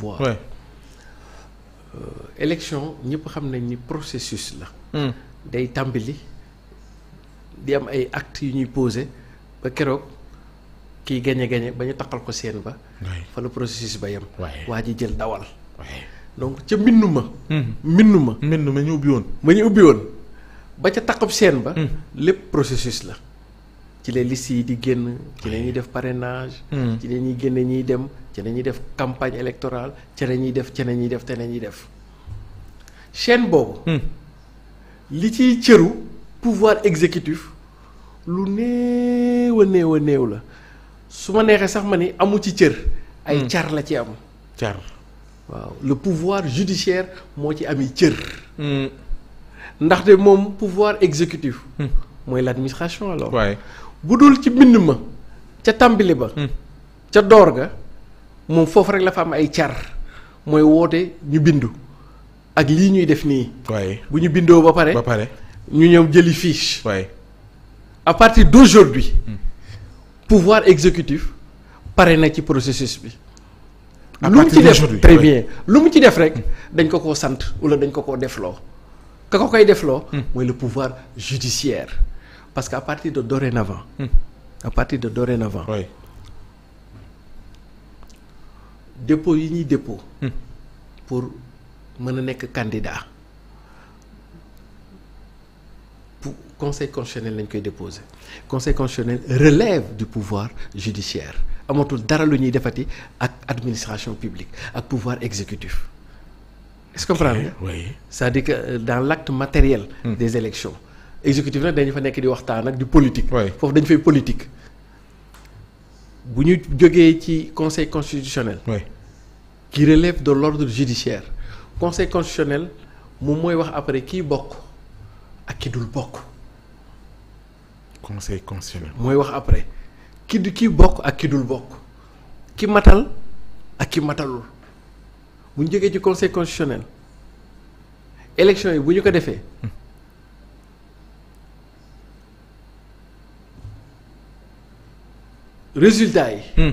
pouvoir. Ouais. Euh, ñëpp xam nañ ni processus la. Mm. day tàmbali di am ay actes yu ñuy posé ba keroog kiy gañe gañe ba ñu taqal ko seen ba. fa la processus ba yem. waa ji jël dawal. donc ca mbindu ma. Hmm. mbindu ma mbindu ma ñu ubbi woon. ma ñu ubbi woon ba ca taqab seen ba. Hmm. lépp processus la. ci les listes yi di génn ci la ñuy def parrainage hmm. ci la ñuy génne ñuy dem ci la ñuy def campagne électorale ci la ñuy def ci la ñuy def te la ñuy def chaîne boobu hmm. li ciy cëru pouvoir exécutif lu néew a néew la su ma neexee sax ma ni amu ci cër ay hmm. car la ci am car waaw le pouvoir judiciaire moo ci ami cër ndaxte moom pouvoir exécutif mooy la alors. waaye bu dul ci mbind ma ca tàmbali ba. Hmm. ca door ga moom foofu rek la fa am ay car mooy woote ñu bindu ak lii ñuy def nii. waaye bu ñu bindoo ba pare. pare ñu ñëw jëli fiche. waaye à partir d'aujourd'hui hmm. pouvoir executif pare na ci processus bi. lu mu ci def très bien lu mu ci def rek hmm. dañ ko ko sant wala dañ ko koo defloo ka ko koy defloo. mooy le pouvoir judiciaire. parce que à partir de dorénavant. Hmm. à partir de dorénavant. oui dépôt yi ñuy dépôt. Hmm. pour mën a nekk candidat pour conseil constitutionnel lañ koy déposer conseil constitutionnel relève du pouvoir judiciaire amatul dara lu ñuy defati ak administration publique ak pouvoir exécutif. est-ce que comprendre nga. oui que euh, dans l'acte matériel. Hmm. des élections exécutif nag dañu fa nekk di waxtaan ak di politique. foofu dañu fay politique. bu ñu jógee ci conseil constitutionnel. oui qui relève de l'ordre judiciaire. conseil constitutionnel moom mooy wax après kii bokk ak ki bokk. conseil constitutionnel mooy wax après ki du kii bokk ak ki dul bokk ki matal ak ki matalul bu ñu jógee ci conseil constitutionnel élection yi bu ñu ko defee. Hmm. Hmm. résultat yi.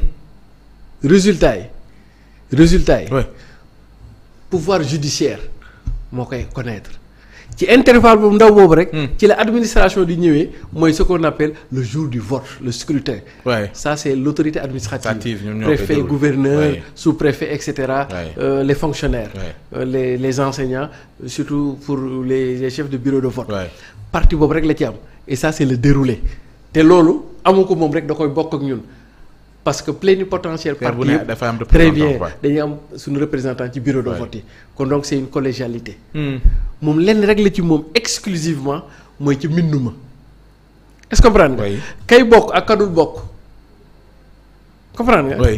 résultat yi résultat yi. pouvoir judiciaire moo koy connaître ci intervalle bu ndaw boobu rek. Hmm. ci la administration di ñëwee mooy ce qu'on appelle le jour du vote le scrutin. Ouais. ça c'est l'autorité administrative. préfet gouverneur ouais. sous-préfet et cetera. Ouais. Euh, les fonctionnaires. Euh, les les enseignants surtout pour les chef de bureau de vote. parti boobu rek la ci am et ça c'est le déroulé te loolu amu ko moom rek da koy bokk ak ñun. parce que plénipotentiaire parti yëpp très bien dañuy am suñu représentant ci bureau de vote yi kon donc c'est une collégialité hmm. moom lenn rek la ci moom exclusivement mooy ci mbinduma est-ce que comprendre bokk ak kadul bokk comprendre nga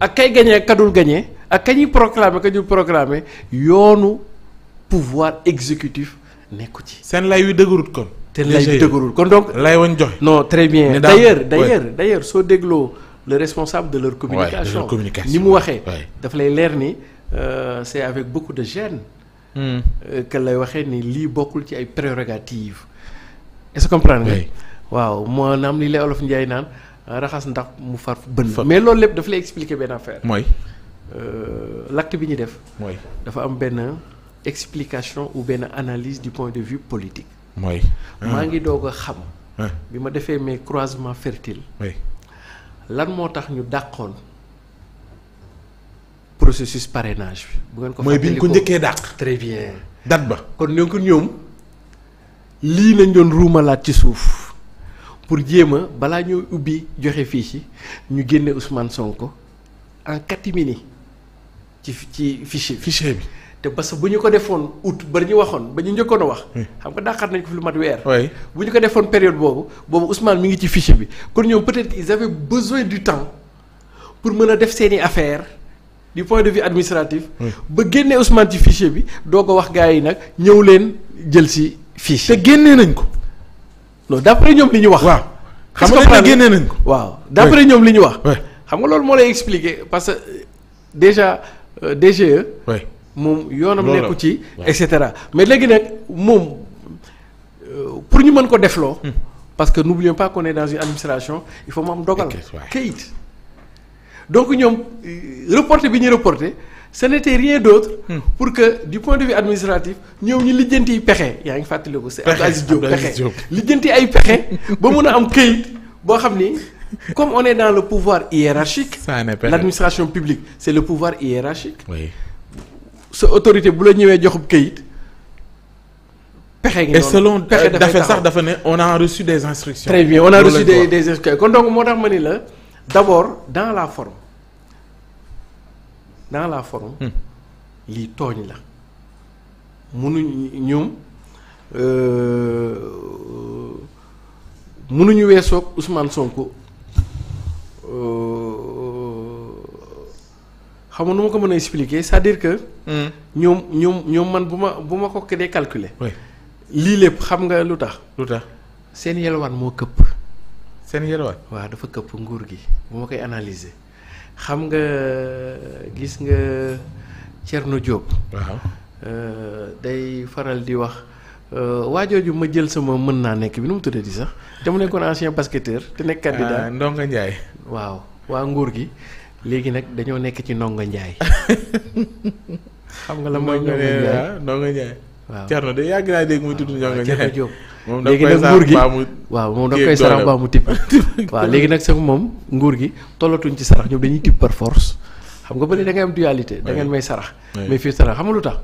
ak kay ak kadul gañee ak kañuy proclamer kañuy proclamer yoonu nekku ci seen lay wi dëgërut kon te lay wi dëgërut kon donc lay wañ jox no très bien d'ailleurs d'ailleurs soo dégloo le responsable de leur communication ni mu waxee dafa lay leer ni euh, c'est avec beaucoup de gene hmm. euh, que lay waxee ni lii bokkul ci ay prérogatives est-ce que nga waaw maanaam li lay olof Njaay naan raxas ndax mu far bën mais loolu lépp dafa lay expliquer benn affaire mooy euh, lakk bi ñu def mooy dafa am benn explication ou benn analyse du point de vue politique mooy maa ah. ngi doog xam ah. bi ma defee mes croisement fertiles lan moo tax ñu dàqoon processus parrainage bi. bu ngeen ko mooy bi ñu ko njëkkee dàq. très bien dat ba. kon ñoo ko ñoom lii lañ doon ruumalaat ci suuf pour jéem a balaa ñoo ubbi joxe fii ci ñu génne Ousmane Sonko en catimini ci ci fichier. fichier bi. te parce que bu ñu ko defoon août ba ñu waxoon ba ñu njëkkoon a wax. xam nga dàqaat nañ ko fi lu mat weer. bu ñu ko defoon période boobu boobu Ousmane mu ngi ci fichier bi kon ñoom peut-être ils avaient besoin du temps pour mën a def seeni affaire du point de vue administratif. ba génnee Ousmane ci fichier bi doo ko wax gars yi nag ñëw leen jël si fiche. te génnee nañ ko. non d'après ñoom li ñu wax. waaw xam nga génnee nañ ko. waaw d'après ñoom li ñu wax. xam nga loolu moo lay expliquer parce que déjà euh, DGE. moom yoonam nekku ci et cetera mais léegi nag moom euh, pour ñu mën ko defloo hmm. parce que n'oublions pas qu'on est dans am dogal kayit donc ñoom euh, reporté bi ñu reporté ce n'était rien hmm. pour que du point de vue administratif ñu lijjanti pexe yaa ngi fàttaliku c'est Abdou Aziz lijjanti ay pexe ba mun a am kayit boo xam ni comme on est dans le pouvoir hiérarchique l'administration publique c'est le pouvoir hiérarchique sa autorité bu la ñëwee joxub kayit. pexe nga et selon pexe dafa euh, sax dafa ne on a reçu des instructions. très bien on a reçu des des instructions kon donc moo tax ma ni la d' abord dans la forme dans la forme. Hmm. lii tooñ la. munuñ ñoom euh, munuñu weesoog Ousmane Sonko. Euh, xam nga nu ma ko mën a expliquer cest dire que. Hmm. ñoom ñoom ñoom man bu ma bu ma ko dee calculer. lii lépp xam nga lu tax. lu tax seen yelwaan moo këpp. seen yelwaan waaw dafa këpp nguur gi bu ma koy analyser xam nga gis nga Thierno Diop. waaw euh, day faral di wax. Euh, waajooju ma jël sama mën naa nekk bi nu mu tuddee di sax te mu nekkoon ancien basketteur te nekk candidat ah, Ndonga Ndiaye waaw waa nguur gi léegi nag dañoo nekk ci ndongo njaay xam nga la mooy ndongo njaay ndongo njaay waaw de yàgg naa dégg muy tudd ndongo njaay moom léegi nag nguur gi waaw moom da koy sarax baa mu tibb waaw léegi nag sa moom nguur gi tollatuñ ci sarax ñoom dañuy tibb par force xam nga bëri da ngay am dualité da ngeen may sarax mais fii sarax xam tax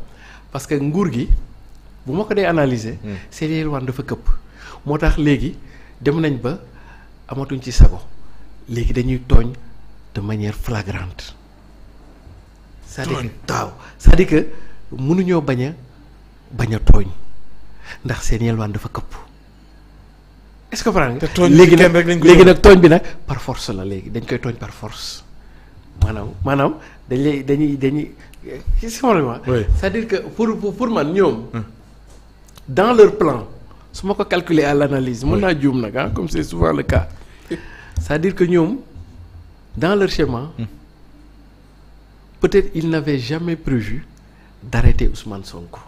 parce que nguur gi bu ma ko dee analyser hmm. Cyril dafa këpp moo tax léegi dem nañ ba amatuñ ci sago léegi dañuy tooñ de manière flagrante. tooñ waaw c'est-à-dire que mënuñoo bañ a bañ a tooñ ndax seen yelwaan dafa këpp. est-ce que par léegi nag léegi nag tooñ bi nag par force la léegi dañ koy tooñ par force maanaam maanaam dañ lay dañuy dañuy simplement. c'est-à-dire que pour pour pour man ñoom. Hmm. dans leur plan su ma ko calculer à l'analyse mën naa juum nag ah comme c'est souvent le cas c'est-à-dire que ñoom. dans leur schéma peut-être ils n'avaient jamais prévu d'arrêter Ousmane Sonko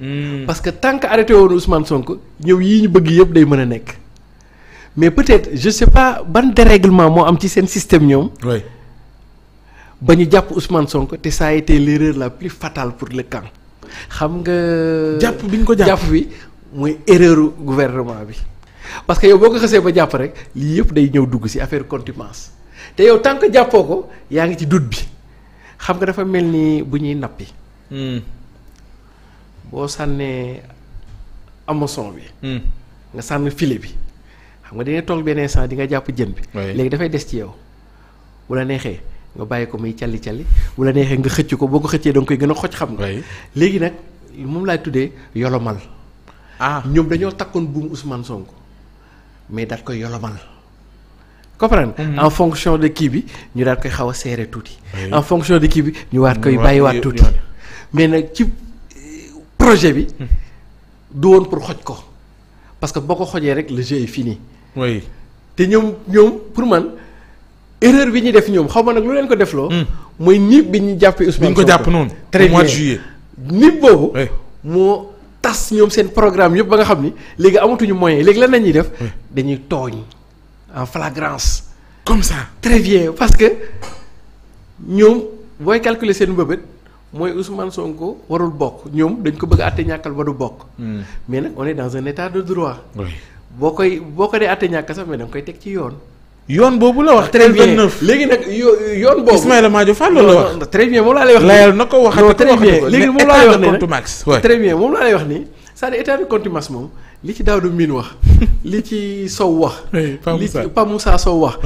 mmh. parce que tant que arrêté woon Ousmane Sonko ñëw yii ñu bëgg yëpp day mën a nekk mais peut-être je sais pas ban dérèglement moo am ci seen système ñoom ba ñu jàpp Ousmane Sonko te ça a été l'erreur la plus fatale pour le camp xam nga jàpp bi ñu ko jàpp bi muy erreuru gouvernement bi parce que boo ko xasee ba jàpp rek lii yëpp day ñëw dugg si affaire contimence te yow tant que jàppoo ko yaa ngi ci doute bi xam nga dafa mel nii bu ñuy nappi. Hmm. boo sànnee hameçon bi. Hmm. nga sànn filet bi. xam nga dina tool beneen instant di nga jàpp jën bi. léegi dafay des ci yow. bu la neexee nga bàyyi ko muy calli calli bu la neexee nga xëcc ko boo ko xëccee da koy gën a xoj xam nga. léegi nag moom laay tuddee yolomal. ah ñoom dañoo takkoon buum Ousmane Sonko. mais daal koy yolomal comprendre mhm. en fonction de kii bi ñu daal koy xaw seere serré tuuti. en fonction de kii bi ñu waat koy bàyyiwaat tuuti. mais nag ci euh, projet bi. Mhm. du woon pour xoj ko parce que boo ko xojee rek le jeu est fini. oui te ñoom ñoom pour man erreur bi ñu def ñoom xaw ma nag lu leen ko defloo. Mhm. mooy nib bi ñu jàppee Ousmane Sonko. bi ñu ko jàpp noonu. très bien de juillet. nib boobu. moo tas ñoom seen programme yëpp ba nga xam ni léegi amatuñu moyen léegi lan la def dañuy tooñ en flagrance comme ça très bien parce que ñoom booy calculer seen mbëbët mooy Ousmane Sonko warul bokk ñoom dañ ko bëgg a àtte ñàkkal ba du bokk hmm. mais nag on est dans un état de droit boo koy boo ko dee àtte ñàkk sax mais da koy teg ci yoon yoon boobu la wax. très bien léegi nag yoon boobu Ismaïla Madior Fall loolu la wax. très bien moom laa lay wax. layal na ko wax ko très bien léegi moom laa lay wax ne contumace très bien moom laa moom li ci Daouda Mine wax li ci Sow wax. li ci Pa Moussa Sow wax.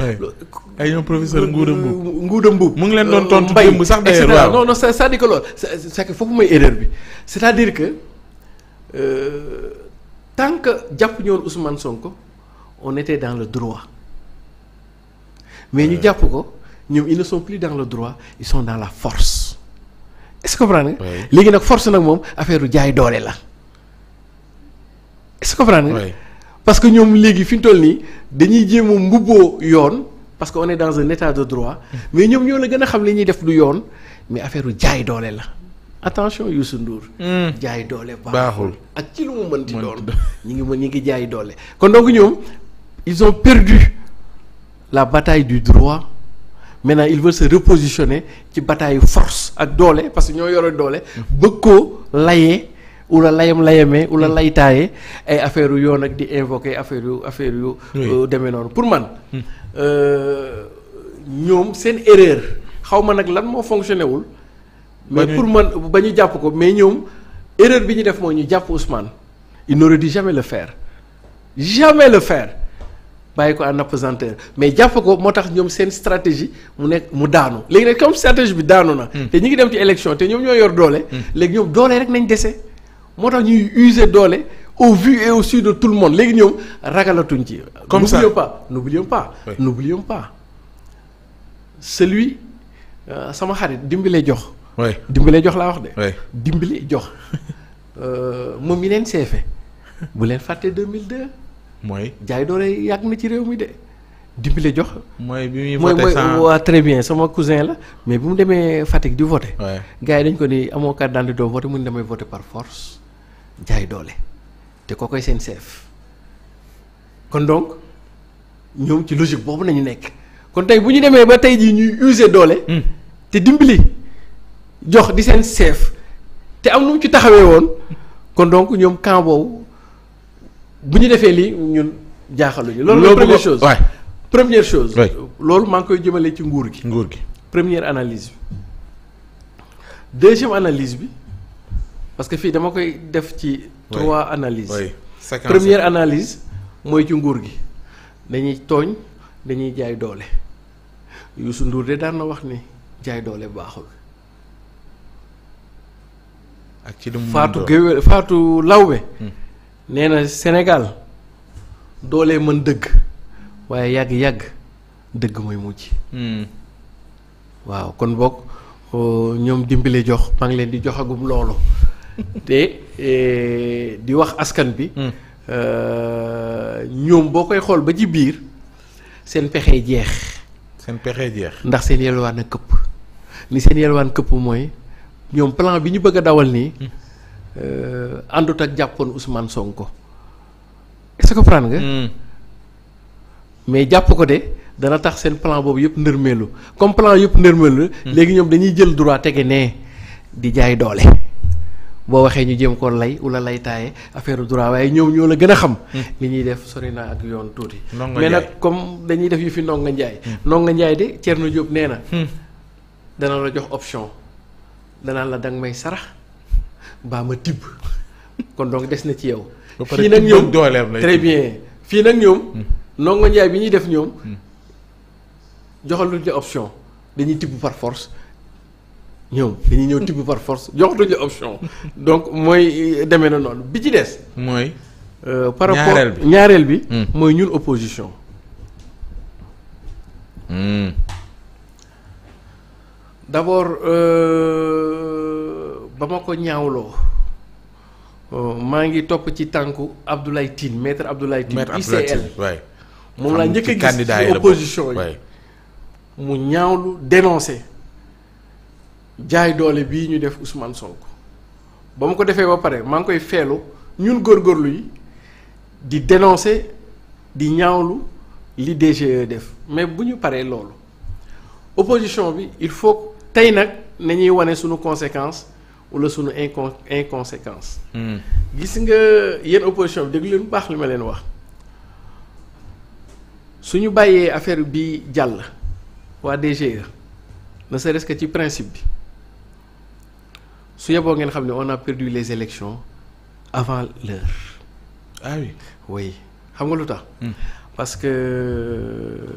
ay ñoom professeur Ngouda Mboub mu ngi leen doon euh, tontu démb sax d'ailleurs waaw non non c'est-à-dire que loolu c'est que foofu mooy erreur bi c'est-à-dire que euh, tant que jàpp ñoon Ousmane Sonko on était dans le droit. mais ñu jàpp ko ñoom ils ne sont plus dans le droit ils son dans la force est-ce léegi nag force nag moom affaire u jaay doole la est-ce parce que ñoom léegi fi ñu toll nii dañuy jéem a mbubboo yoon parce que on est dans un état de droit mais ñoom ñoo la gën a xam li ñuy def lu yoon mais affaire u jaay doole la. attention Youssou Ndour. Hmm. jaay doole baaxul ak ci lu mu mënti doon. ñu ngi mën ñu ngi jaay doole kon donc ñoom ils ont perdu. la bataille du droit maintenant il veut se repositionner ci bataille force ak doole parce que ñoo yore doole bëgg koo layee wala layam layamee wala hmm. laytaayee ay affaire yu yoon ak di invoquer affaire yu affaire yu euh, demee noonu pour man hmm. euh, ñoom seen erreur xaw ma nag lan moo fonctionné wul mais pour man ba ñu jàpp ko mais ñoom erreur bi ñu def mooy ñu jàpp Ousmane il n'aurait dû jamais le faire jamais le faire bàyyi ko en apesanteur mais jàpp ko moo tax ñoom seen stratégie mu nekk mu daanu léegi nag comme stratégie bi daanu na. Hmm. te ñi ngi dem ci élection te ñoom ñoo yor doole. Hmm. léegi ñoom doole rek nañ dese moo tax ñuy use doole. au vu et au su de tout le monde léegi ñoom ragalatuñ ci. comme ça n'oublions pas n'oublions pas. Oui. n'oublions pas celui euh, sama xarit dimbale jox. oui dimbale jox laa wax de. oui dimbale jox euh, moom mi leen seefe bu leen fàtte 2002. mooy jaay doole yàgg na ci réew mi de dimbale jox. mooy bi muy voté très bien sama cousin la mais bi mu demee Fatick di voté. waay gars yi dañ ko ni amoo carte d'identité doo voté mu ne damay voté par force jaay doole te koo koy seen chef kon donc ñoom ci logique boobu nañu nekk kon tey bu ñu demee ba tey jii ñuy user doole. Hmm. te dimbali jox di seen chef te am nu mu ci taxawee woon kon donc ñoom camp bu ñu defee lii ñun jaaxaluñu. loolu mooy première chose première chose. loolu maa ngi koy jëmalee ci nguur gi. nguur gi première analyse bi analyse bi parce que fii dama koy def ci. trois analyses. première analyse mooy ci nguur gi dañuy tooñ dañuy jaay doole yu su Ndour de daan na wax ni jaay doole baaxul. ak ci lu mu Fatou Gueye nee na Sénégal doolee mën dëgg waaye yàgg-yàgg dëgg mooy mujj. Hmm. waaw kon boog euh, ñoom dimbale jox maa ngi leen di joxagum loolu te euh, di wax askan bi. Hmm. Euh, ñoom boo koy xool ba ci biir seen pexe jeex. seen pexe jeex. ndax seen yelwaan a këpp ni seen yelwaan këpp mooy ñoom plan bi ñu bëgg a dawal nii. Hmm. Euh, àndut ak jàppoon Ousmane Sonko est-ce que comprendre nga. Hmm. mais jàpp ko de dana tax seen plan boobu yëpp ndërmeelu comme plan yëpp ndërmeelu. Hmm. léegi ñoom dañuy jël droit tege nee di jaay doole. boo waxee ñu jéem koo lay wala lay taaye affaire droit waaye ñëw ñoo la gën a xam. Hmm. li ñuy def sori na ak yoon tuuti. mais nag comme dañuy def yu fi ndongo njaay. ndongo njaay de na Diop nee na. dana la jox option danaan la danga may sarax. baa ma tibb kon donc des na ci yow. fii nag ñoom très bien fii nag ñoom. Hmm. ndongo njaay bi ñuy def ñoom. Hmm. joxaluñ la option dañuy tibb par force ñoom dañuy ñëw tibb par force joxatuñ la option donc mooy euh, deme na noonu bi ci des. mooy. Euh, par rapport ñaareel bi hmm. mooy ñun opposition. d' abord. Euh, ba ma ko ñaawloo euh, maa ngi topp ci tànku Abdoulaye Tine maître Abdoulaye Tine ICL moom laa njëkk a gis ci opposition yi mu ñaawlu dénoncé jaay doole bii ñu def Ousmane Sonko ba ma ko defee ba pare maa ngi koy feelu ñun góorgóorlu yi di dénoncé di ñaawlu li DGE def mais bu ñu paree loolu opposition bi il faut tey nag nañuy wane sunu conséquence wala suñu incon inconséquence. Hmm. gis nga yéen opposition bi déglu leen bu baax li ma leen wax suñu bàyyee affaire bi jàll waa DGE ne serait-ce que ci principe bi su yeboo ngeen xam ne on a perdu les élections avant l'heure ah oui xam nga lu tax. Hmm. parce que.